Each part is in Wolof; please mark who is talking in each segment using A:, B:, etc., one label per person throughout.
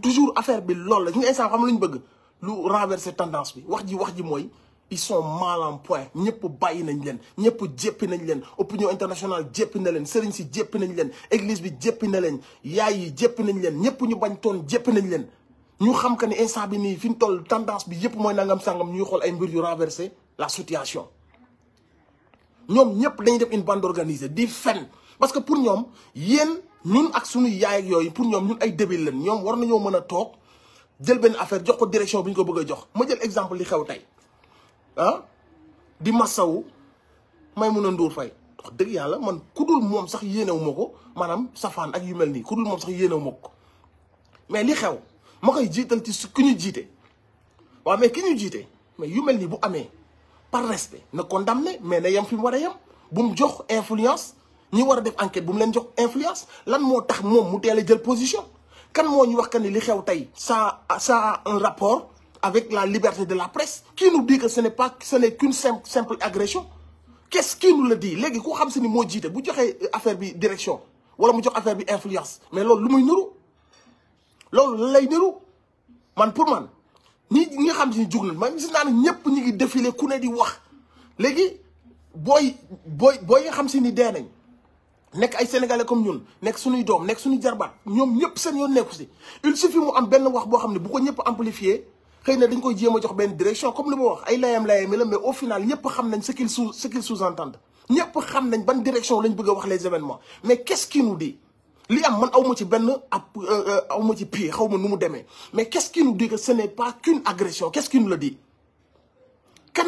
A: toujours affaire bi loolu la ñu instant xam lu ñu bëgg lu renverser tendance bi wax ji wax ji mooy ils sont mal en point ñëpp bàyyi nañ leen ñëpp jéppi nañ leen opinion internationale jéppi na leen sëriñ si jéppi nañ leen église bi jéppi na leen yaayi yi jéppi nañ leen ñëpp ñu bañ toon jéppi nañ leen ñu xam que ni instant bi nii fi ñu toll tendance bi yëpp mooy nangam sangam ñuy xool ay mbir yu renverser la situation ñoom ñëpp dañuy def une bande organisée di fen parce que pour ñoom yéen ñun ak suñu yaay yooyu pour ñoom ñun ay débile lan ñoom war nañoo mën a toog jël benn affaire jox ko direction bi ñu ko bëgg a jox ma jël exemple li xew tey ah di massawu may mun a nduur fay dëgg yàlla man ku moom sax yéenewu ma ko maanaam safaan ak yu mel nii ku dul moom sax ko mais li xew ma koy jiital ci su ki ñu jiite waaw mais ki ñu jiite mais yu mel nii bu amee par respect na condamné mais na yem fi mu war a yem bu mu jox influence ñi war a def enquête bu mu leen jox influence lan moo tax moom mu teel a jël position kan moo ñu wax que ni li xew tey ça ça un rapport avec la liberté de la presse qui nous dit que ce n'est pas ce n'est qu'une simple simple agression qu'est-ce qui nous léegi ku xam si ni moo jiite bu joxee euh, affaire bi direction wala mu jox affaire bi influence mais loolu lu muy niru loolu lay niru man pour man ñi ñi nga xam si ni jug na man gis naa ñëpp ñi ngi défilé ku ne di wax léegi booy booy booy nga xam si ni dee nekk ay sénégalais comme ñun nekk suñuy doom nekk suñuy jarbaat ñoom ñëpp seen yoon nekku si il suffit mu am benn wax boo xam ne bu ko ñëpp amplifié xëy na dañ koy jéem a jox benn direction comme li ma wax ay layam layam yi la mais au final ñëpp xam nañ ce qu'il sous ce qu'il sous-entend ñëpp xam nañ ban direction lañ bëgg a wax les événements mais qu'est-ce qui nous dit li am man aw ma ci benn ab euh, euh, aw ma ci pied xaw ma nu mu demee mais qu'est-ce di nous dit que ce n'est pas qu'une agression quest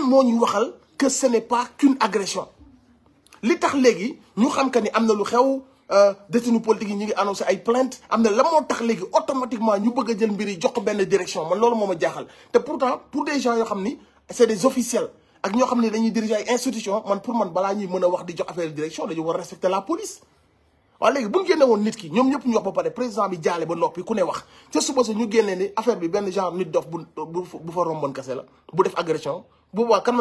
A: moo ñu waxal que ce n'est pas qu'une li tax léegi ñu xam que ni am na lu xew euh, détenu politique yi ñu ngi annoncé ay plainte am na la moo tax léegi automatiquement ñu bëgg a jël mbir jox ko benn direction man loolu moo ma jaaxal te pourtant pour des gens yoo xam ni c'est des officiels ak ñoo xam ne dañuy diriger ay institution man pour man balaa ñuy mën a wax di jox affaire direction dañu war a respecter la police waaw léegi bu ñu woon nit ki ñoom ñëpp ñu wax ba pare président bi jaale ba noppi ku ne wax ca suba sa bi benn genre nit dof bu bu fa rombon bu def agression bu boobaa kan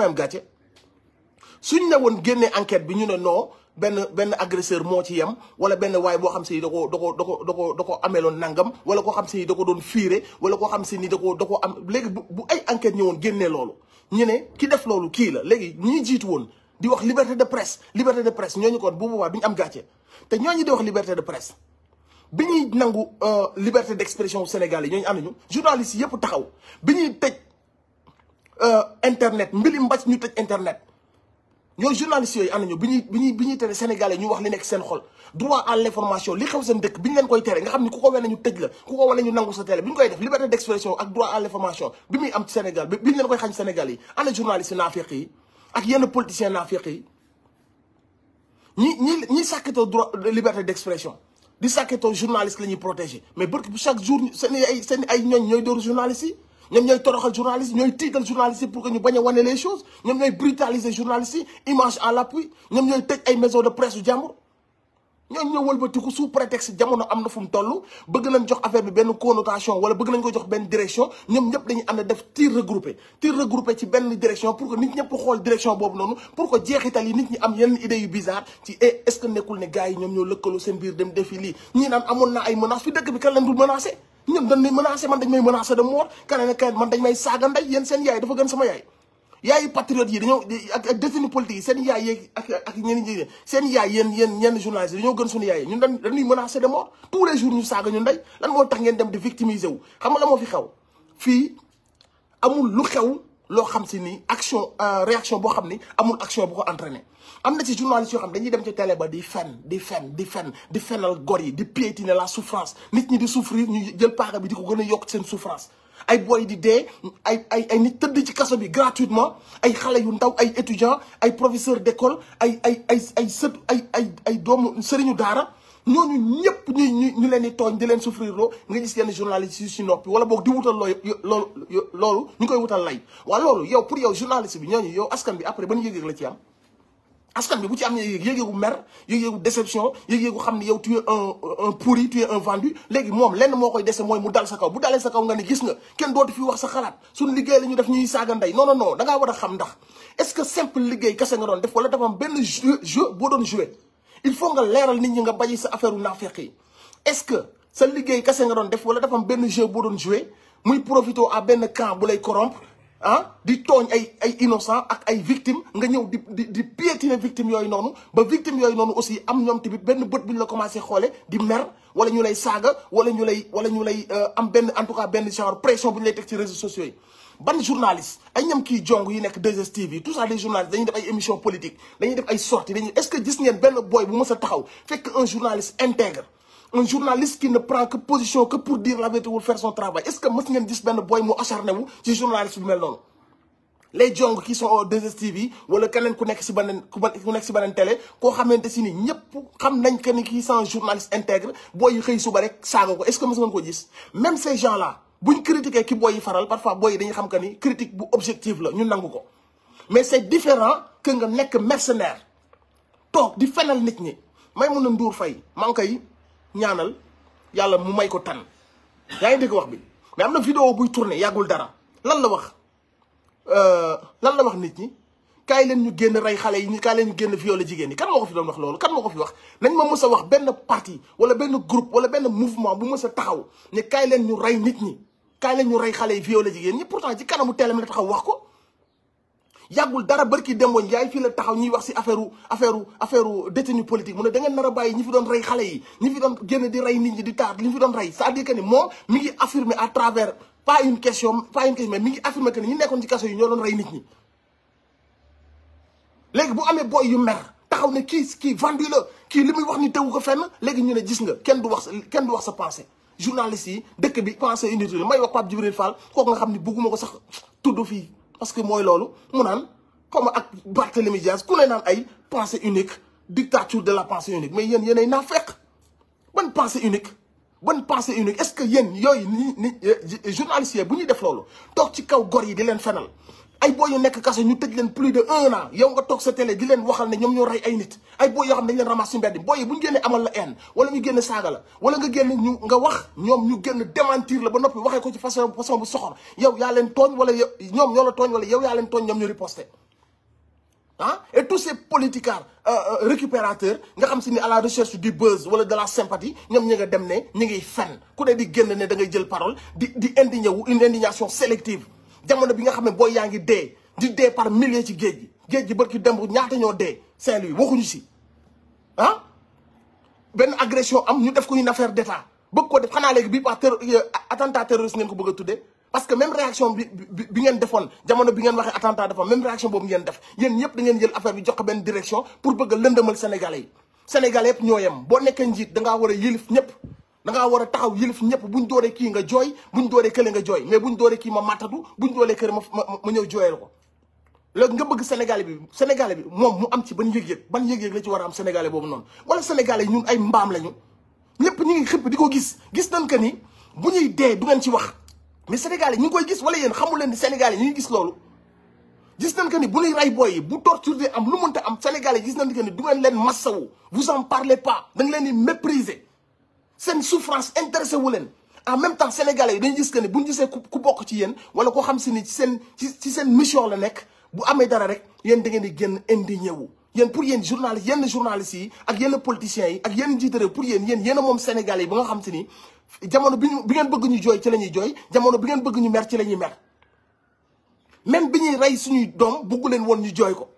A: suñ ne woon génne enquête bi ñu ne noo benn benn agresseur moo ci yem wala benn waay boo xam si da ko da ko da ko da ko ko ameeloon nangam wala koo xam si da ko doon fiire wala koo xam si ni da ko da ko am léegi bu bu ay enquête ñëwoon génnee loolu ñu ne ki def loolu kii la léegi ñu jiitu woon di wax liberté de presse liberté de presse ñooñu kon bu boobaa bi ñu am gàcce te ñu di wax liberté de presse bi ñuy nangu euh, liberté d'expression Sénégal yi ñooñu am nañu journalistes yëpp taxaw bi ñuy tëj euh, internet mbili mbac ñu tëj internet ñoo journalistes yooyu ànd nañu bi bi ñuy bi ñuy tere sénégalais ñu wax li nekk seen xol droit à l'information li xew seen dëkk bi ñu leen koy tere nga xam ni ku ko wane ñu tëj la ku ko wane ñu nangu sa télé bi ñu koy def liberté d'expression ak droit à l'information ñu leen koy xañ Sénégal yi ànd journalistes naafiq yi ak yenn politiciens naafiq yi ñi ñi ñi sàkkatoo droit liberté d'expression di sàkkatoo journaliste la ñuy protégé mais barke bu chaque jour seen ay seen ñooñ ñooy dóor journalistes yi ñoom ñooy toroxal journaliste ñooy tiital journaliste yi pour que ñu bañ a wane les choses ñoom ñooy brutaliser journaliste yi image à l'appui ñoom ñooy tëj ay maison de presse yu jàmbur ñooñu ñoo wëlbatiku jamono am na fu mu toll bëgg nañ jox affaire bi benn connotation wala bëgg ko jox benn direction ñoom ñëpp dañuy ànd def tir regroupé tir regroupé ci benn direction pour que nit ñëpp xool direction boobu noonu pour que jeexital yi nit ñi am yenn idées yu bizarre ci eh, est-ce que nekkul ne gars ñoom ñoo lëkkaloo seen biir dem defi ñii naan amoon naa ay menaces fi dëkk bi ñu dañ may menacé man dañ may menacé de mort keneen ak keneen man dañ may saaga nday yéen seen yaay dafa gën sama yaay yaayu patriote yi dañoo ak ak détenu politique yi seen yaay yeeg ak ak yéen yéen ñenn journaliste dañoo gën suñu yaay ñun dañuy menacé de mort tous les jours ñu saaga ñu dañ lan moo tax ngeen dem de victimiser wu xam la moo fi xew fii amul lu xew loo xam si ni action euh, réaction boo xam ni amul action bu ko entraîné am na ci journaliste yoo xam dañuy dem si tele ba di fen di fen di fen di fenal gor yi di piétiner la souffrance nit ñi di souffrir ñu jël paaka bi di ko gën a yokk seen souffrance ay boy di dee ay ay ay nit tëdd ci kaso bi gratuitement ay xale yu ndaw ay étudiants ay professeur d'école ay ay ay ay sët ay ay ay doomu sëriñu daara ñooñu ñëpp ñu ñu leen di tooñ di leen souffrir loo nga gis yenn journaliste si noppi wala boog di wutal looy loolu loolu ñu koy wutal lay waa loolu yow pour yow journaliste bi ñooñu yow askan bi après ban yëg-yëg la ci am askan bi bu ci am yëg-yëgu mer yëg-yëgu déception yëg-yëgu xam ne yow tu es un un pourri tu es vendu léegi moom lenn moo koy dese mooy mu dal sa kaw bu dalee sa kaw nga ne gis nga kenn dootu fi wax sa xalaat suñu liggéey la ñu def ñuy saaga ndey non non non da war a xam ndax est-ce que simple liggéey kese nga doon def wala dafa am benn jeu boo doon jouer il faut nga leeral nit ñi nga bañ sa affaire naafeq yi est-ce que sa liggéey kese nga doon def wala dafa am benn jeu boo doon joué muy profité a benn camp bu lay corrompre ah di tooñ ay ay innocent ak ay victime nga ñëw di di di piétiner victime yooyu noonu ba victime yooyu noonu aussi am ñoom tamit benn bët bu ñu la commencé xoole di mer wala ñu lay saaga wala ñu lay wala ñu lay euh, am benn en tout cas benn genre pression bu ñu lay teg ci réseaux sociaux yi ban journaliste ay ñam kii jong yi nekk 2STV tout ça des journalistes dañuy def ay émission politique dañuy def ay sorties dañuy est-ce que gis ngeen benn boy bu mës a taxaw fekk un journaliste intègre un journaliste qui ne prend que position que pour dire la vérité wul faire son travail est-ce que mës ngeen gis benn boy mu acharné ci journaliste bu mel noonu les jong qui sont au 2STV wala keneen ku nekk si beneen ku nekk si télé koo xamante si ni ñëpp xam nañ que ni kii c'est un journaliste intègre booy xëy suba rek saaga ko est buñ critiquer ki booy yi faral parfois booy yi dañuy xam que ni critique bu objectif la ñu nangu ko mais c'est différent que nga nekk mercenaire toog di fenal nit ñi may mun a nduur fay maa ngi koy ñaanal yàlla mu may ko tan yaa ngi dégg wax bi mais am na vidéo buy tourné yàggul dara lan la wax euh, lan na wax nit ñi kaay leen ñu génn rey xale yi ñu kaay leen ñu génn violé jigéen ñi kan moo ko fi doon wax loolu kan moo ko fi wax nañ ma mës a wax benn parti wala benn groupe wala benn mouvement bu mës a taxaw ne kaay leen ñu rey nit ñi kaay la ñu rey xale yi fi violé jigéen ñi pourtant ci kanamu teelam la taxaw wax ko yàggul dara barki Demba Ndiaye fii la taxaw ñuy wax si affaire affaire affaire détenu politique mu ne da ngeen nar doon rey xale yi ñi fi doon génn di rey nit ñi di taar ñi ñu fi doon rey c'est-à-dire que ni moom mi ngi affirmer à travers pas une question pas une question mi ngi affirmer que ni ñu nekkoon ci kaso yi ñoo doon rey nit ñi. léegi bu amee booy yu mer taxaw ne kii kii vendu kii li muy wax ni tegu ko fenn léegi ñu ne gis nga kenn du wax kenn du wax sa pensée. journaliste yi dëkk bi pensé unité may wax Pape Djibril Fall kooku nga xam ni bëgguma ko sax tudd fi parce que mooy loolu mu naan comme ak Barthélémy Dias ku ne naan ay pensée unique dictature de la pensée unique mais yéen yéenay naa fekk ban pensée unique ban pensée unique est-ce que yéen yooyu ni ni eh, journaliste bu ñuy def loolu toog ci kaw gor yi di leen fenal ay boo yu nekk kaso ñu tëj leen plus de un an yow nga toog sa télé di leen waxal ne ñoom ñoo rey ay nit ay boo yoo xam ne dañ leen ramas ci mbedd boo yi bu ñu génnee amal la haine wala ñu génne saaga la wala nga génn ñu nga wax ñoom ñu génn démentir la ba noppi waxee ko ci façon façon bu soxor yow yaa leen tooñ wala yow ñoom ñoo la tooñ wala yow yaa leen tooñ ñoom ñu riposté ah et tous ces politicards euh, euh, récupérateurs nga xam si ni à la recherche du buzz wala de la sympathie ñoom nga dem ne ñu ngiy fen ku ne di génn ne da jël parole di di indigné wu une indignation sélective jamono bi nga xam ne boo yaa ngi dee di dee par milliers ci géej gi géej gi barki dembu ñaata ñoo dee Saint-Louis waxuñu si ah benn agression am ñu def ko une affaire d'état bëgg ko def xanaa léegi bii par ter euh, attentat terroriste ngeen ko bëgg a parce que même réaction bi ngeen defoon jamono bi ngeen waxee attentat defoon même réaction boobu ngeen def yéen ñëpp da ngeen jël affaire bi jox ko benn direction pour bëgg a lëndëmal sénégalais yi sénégalais ñoo yem boo nekkee njiit dangaa war a yilif ñëpp da war a taxaw yëlif ñëpp buñ dooree kii nga jooy buñ dooree kële nga jooy mais buñ dooree kii ma matadu buñ dooree kële ma ma ñëw jooyal ko léegi nga bëgg sénégalais bi sénégalais bi moom mu am ci ban yëg-yëg ban yëg-yëg la ci war a am sénégalais boobu noonu wala sénégalais yi ñun ay mbaam lañu ñëpp ñu xëpp di ko gis gis nañ que ni bu dee du ngeen ci wax mais sénégalais ñu ngi koy gis wala yéen xamul leen di sénégalais ñu ngi gis loolu gis nañ que ni bu ñuy rey booy yi bu torture am lu mënta am sénégalais gis nañ que ni du ngeen leen massawu vous en parlez pas da leen di mépriser seen souffrance intéressé wu leen en même temps sénégalais yi dañu gis que ne bu ñu gisee ku bokk ci yéen wala koo xam si ni ci seen ci ci seen mission la nekk bu amee dara rek yéen da ngeen di génn indigné wu. yéen pour yéen journaliste yenn journalistes yi ak yenn politiciens yi ak yenn njiitare pour yéen yéen yéen moom sénégalais yi ba nga xam si ni jamono bi ñu bi ngeen bëgg ñu jooy ci la ñuy jooy jamono bi ngeen bëgg ñu mer ci la ñuy mer même bi ñuy rey suñuy doom bëggu leen woon ñu jooy ko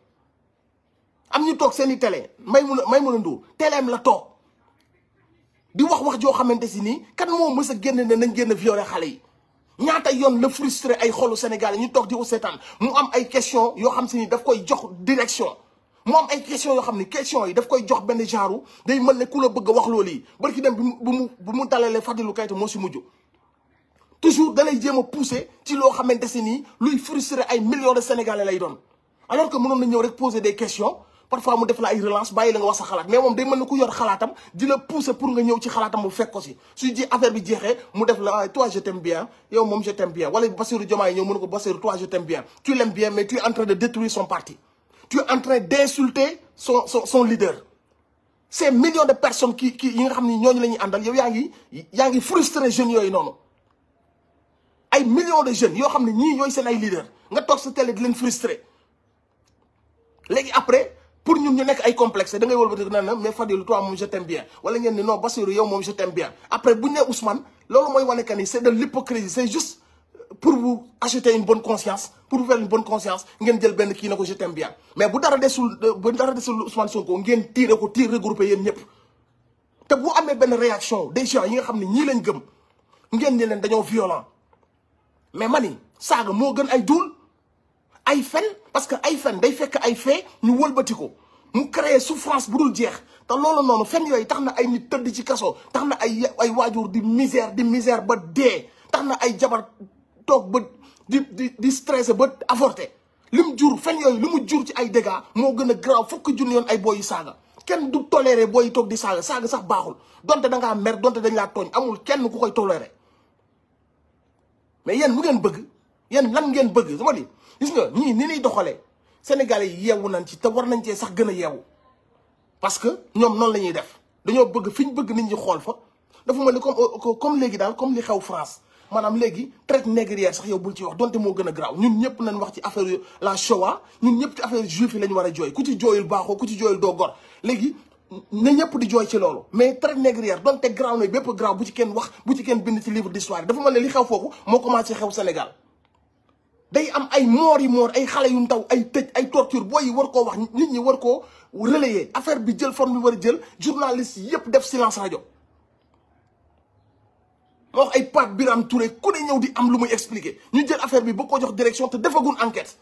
A: am ñu toog seen i télé may mun a may mun a nduur téléem la toog. di wax wax joo xamante si nii kan moo mës a génn ne nañ génn violé xale yi ñaata yoon la frustré ay xolu Sénégal ñu toog di seetaan mu am ay question yoo xam si ni daf koy jox direction mu ay question yoo xam ni question yi daf koy jox benn genre day mën ne ku la bëgg wax loolu yi barki dem bi mu bu mu dalalee Fadilou Keita moo si mujj toujours da lay jéem a poussé ci loo xamante si nii luy frustré ay millions de Sénégalais lay doon alors que mënoon na ñëw rek poser des question parfois mu def la ay relance bàyyi la nga wax sa xalaat mais moom day mën na ku yor xalaatam di la pousser pour nga ñëw ci xalaatam mu fekk ko si su ji affaire bi jeexee mu def la ah, toi je t'aime bien yow moom je t'aime bien wala Bassirou Diomaye ñëw mën ko Bassirou toi je t'aime bien tu l'aimes bien mais tu es en train de détruire son parti tu es en train son son leader ces millions de personnes qui qui yi nga xam ni ñooñu la ñuy àndal yow yaa ngi yaa ngi frustré jeunes yooyu noonu ay millions de jeunes yoo xam ne ñii ñooy seen ay leader nga toog sa télé di leen frustré après pour ñun ñu nekk ay complexe da ngay wëlbati naan na mais Fadilou toi moom je t'aime bien wala ngeen ni non Bassirou yow moom je t'aime bien après bu nee Ousmane loolu mooy wane que ni c'est de l'hypocrisie c'est juste pour vous acheter une bonne conscience pour vous faire une bonne conscience ngeen jël benn kii na ko je t'aime bien mais bu dara desul bu dara desul Ousmane Sonko ngeen tiire ko tiir regroupé yéen ñëpp te bu amee benn réaction des gens yi nga xam ne ñii lañ gëm ngeen ni leen dañoo violent mais mani saaga moo gën ay ay fen parce que ay fen day fekk ay fee ñu wëlbati ko mu créer souffrance bu dul jeex te loolu noonu fen yooyu tax na ay nit tëdd ci kaso tax na ay ay waajur di misère di misère ba dee tax na ay jabar toog ba di di di stressé ba avorté lim jur fen yooyu li mu jur ci ay dégâts moo gën a grave fukk junni yoon ay booy yu saaga kenn du toléré booy toog di saaga saaga sax baaxul donte da ngaa mer donte dañ laa tooñ amul kenn ku koy toléré mais yéen mu ngeen bëgg. yéen lan ngeen bëgg sama di gis nga ñii ni ñuy doxalee sénégalais yi yeewu nañ ci te war nañ cee sax gën a yeewu parce que ñoom noonu la ñuy def dañoo bëgg fi ñu bëgg nit ñi xool fa dafa mel ni comme euh, comme léegi daal comme li xew France maanaam léegi traite négrière sax yow bul ci wax donte moo gën a ñun ñëpp nañ wax ci affaire la ñun ñëpp ci affaire la ñu war a jooy ku ci jooyul baaxoo ku ci jooyul doo gor léegi ñëpp jooy ci loolu mais traite bu ci kenn bu ci kenn bind ci livre d'histoire dafa mel ne li xew foofu moo commencé xew Sénégal day am ay moor yi moor ay xale yu ndaw ay tëj ay torture boo yi war koo wax nit ñi war koo relayer affaire bi jël forme bi war a jël journaliste yëpp def silence rajo moo wax ay Pape Birame Touré ku ne ñëw di am lu muy expliquer ñu jël affaire bi ba ko jox direction te defagul enquête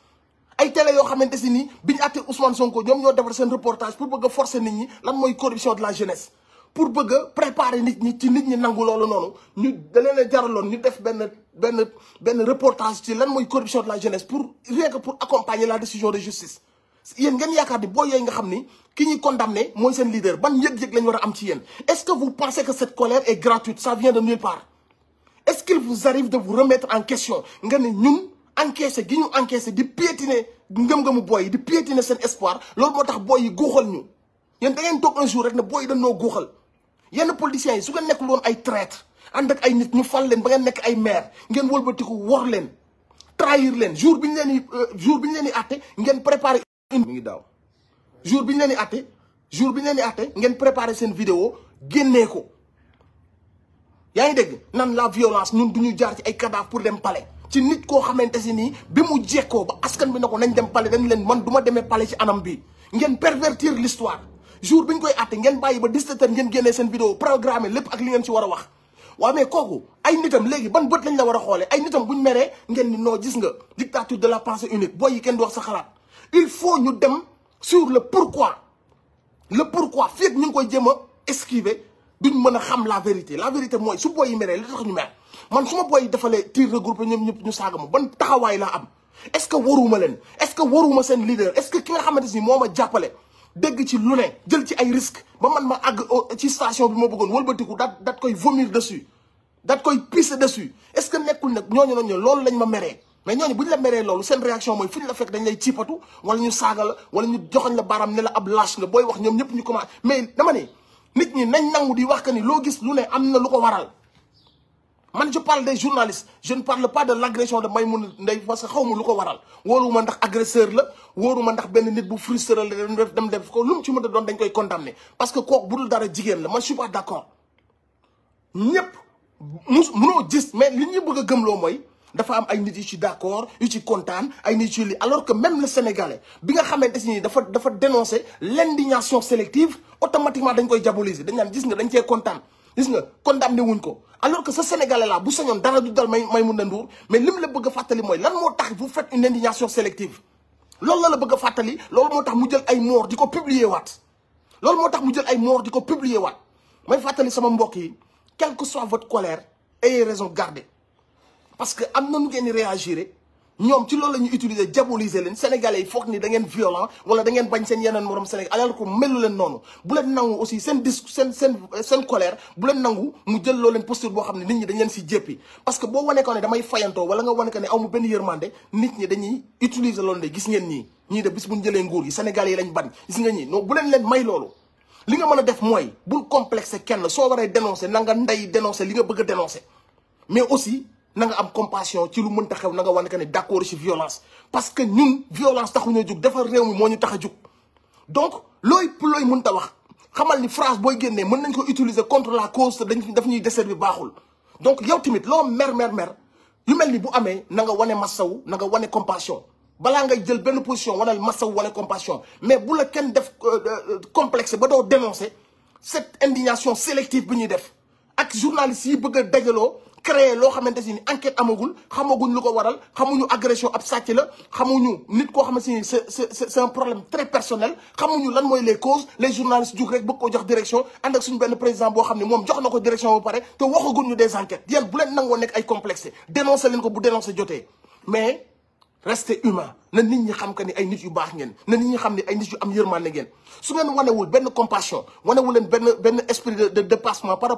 A: ay télé yoo xamante si nii bi ñu àttee Ousmane Sonko ñoom ñoo defar seen reportage pour bëgg a forcer nit ñi lan mooy corruption de la jeunesse pour bëgg a préparer nit ñi ci nit ñi nangu loolu noonu ñu da leen jaraloon ñu def benn benn benn reportage ci lan mooy corruption de la jeunesse pour rien que pour accompagner la décision de justice yéen ngeen yaakaar ni boo yooyu nga xam ni ki ñuy condamné mooy seen leader ban yëg-yëg lañ war a am ci yéen est-ce que vous pensez que cette colère est gratuite ça vient de nulle part est-ce qu'il vous arrive de vous remettre en question nga ne ñun encaissé gi ñu encaissé di piétiner ngëm-ngëmu booy yi di ne seen espoir loolu moo tax booy yi guuxal ñu yéen da ngeen toog un jour rek ne booy noo guuxal yenn politiciens yi su ngeen nekkul woon ay traître ànd ak ay nit ñu fal leen ba ngeen nekk ay maire ngeen wëlbatiku wor leen trahir leen jour bi ñu leen di euh, jour bi ñu leen di àtte ngeen préparé mi ngi daaw jour bi ñu leen di àtte jour bi ñu leen di ngeen préparé seen vidéo génnee ko yaa ngi dégg nan la violence ñun du ñu jaar ci ay cadavre pour dem palais. ci nit koo xamante si nii bi mu jekkoo ba askan bi na ko nañ dem palais dañ leen man du ma demee palais ci anam bi ngeen pervertir l'histoire jour bi ñu koy àtte ngeen bàyyi ba 17 heures ngeen génnee seen vidéo programmé lépp ak li ngeen ci war a wax. waaw mais kooku ay nitam léegi ban bët lañ la war a xoolee ay nitam buñ meree ngeen ni non gis nga dictature de la pensée unique booy yi kenn du wax sa xalaat il faut ñu dem sur le pourquoi le pourquoi fii ñu ngi koy jéem a esquiver duñ mën a xam la vérité la vérité mooy su booy yi meree li tax ñu mer man su ma booy yi defalee tir regroupé ñëpp ñu saaga ma ban taxawaay laa am est-ce que waruma leen est-ce que waruma seen leader est-ce que ki xamante ni moo ma jàppale dégg ci lu ne jël ci ay risque ba man ma àgg ci station bi ma bëggoon wëlbatiku dat dat koy vomir dessus dat koy pisser dessus est-ce que nekkul nag ñooñu noonu loolu lañ ma meree mais ñooñu bu ñu la meree loolu seen réaction mooy fu ñu la fekk dañ lay ciipatu wala ñu saaga la wala ñu joxoñ la baaraam ne la ab lâche nga booy wax ñoom ñëpp ñu commencé mais dama ne nit ñi nañ nangu di wax que ni loo gis lu ne am na lu ko waral man je parle des journalistes je ne parle pas de l' agression de Maymouna Ndeye parce que xaw ma lu ko waral wóoruma ndax agresseur la wóoruma ndax benn nit bu frustré la dem def dem def ko lu mu ci mën a doon dañ koy condamné parce que kooku budul dara jigéen la man je suis pas d' accord ñëpp mus munoo gis mais li ñu bëgg a gëmloo mooy dafa am ay nit yu ci d' accord yu ci kontaan ay nit yu li alors que même le sénégalais bi nga xamante ni dafa dafa dénoncer l' indignation sélective automatiquement dañ koy diaboliser dañ naan gis nga dañ cee kontaan. gis nga condamné wuñ ko alors que sa sénégalais là bu sañoon dara du dal may Maimouna Ndour mais lim la bëgg a fàttali mooy lan moo tax bu faites une indignation sélective loolu la la bëgg a fàttali loolu moo tax mu jël ay moor di ko publier waat loolu moo tax mu jël ay moor di ko publier waat may fàttali sama mbokk yi quelle que soit votre colère ayez raison garder parce que am na nu ngeen di réagir ñoom ci loolu la ñu utiliser diaboliser leen sénégalais yi foog ni da ngeen violent wala da ngeen bañ seen yeneen morom sénégal alors que melu leen noonu bu leen nangu aussi seen disque seen seen seen colère bu leen nangu mu jël loo leen posture boo xam ne nit ñi dañ leen si jéppi parce que boo wanee ko ne damay fayantoo wala nga wane ko ne aw mu benn dañuy utiliser loolu de gis ngeen ñii ñii de bis bu ñu jëlee nguur gi sénégalais yi lañ bañ gis nga ñii non bu leen leen may loolu li nga mën a def mooy bul complexé kenn soo waree dénoncer nanga nga ndey dénoncer nga bëgg a mais aussi nanga am compassion ci lu mënta xew nanga nga wane que ne d'accord ci violence parce que ñun violence taxuñoo jug defar réew mi moo ñu tax a jug donc looy looy mënta wax xamal ni phrase booy génnee mën nañ ko utiliser contre la cause dañ daf ñuy desservi baaxul donc yow tamit loo mer mer mer yu mel ni bu amee na nga wane massaw na nga wane compassion balaa ngay jël benn position wanal massaw wane compassion mais bu la kenn def euh, euh, complexe ba doo dénoncer cette indignation sélective bi ñuy def ak journalistes yi bëgg a dajaloo créé loo xamante si ni enquête amagul xamaguñ lu ko waral xamuñu agression ab sàcc la xamuñu nit koo xamante si ni c'est c'est un problème très personnel xamuñu lan mooy les causes les journalistes jug rek bëgg ko jox direction ànd ak suñu benn président boo xam ne moom jox na ko direction ba pare te waxaguñ ñu des enquêtes yéen bu leen nangoo nekk ay complexé dénoncé leen ko bu dénoncé jotee mais restez humain na nit ñi xam que ni ay nit yu baax ngeen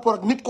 A: na nit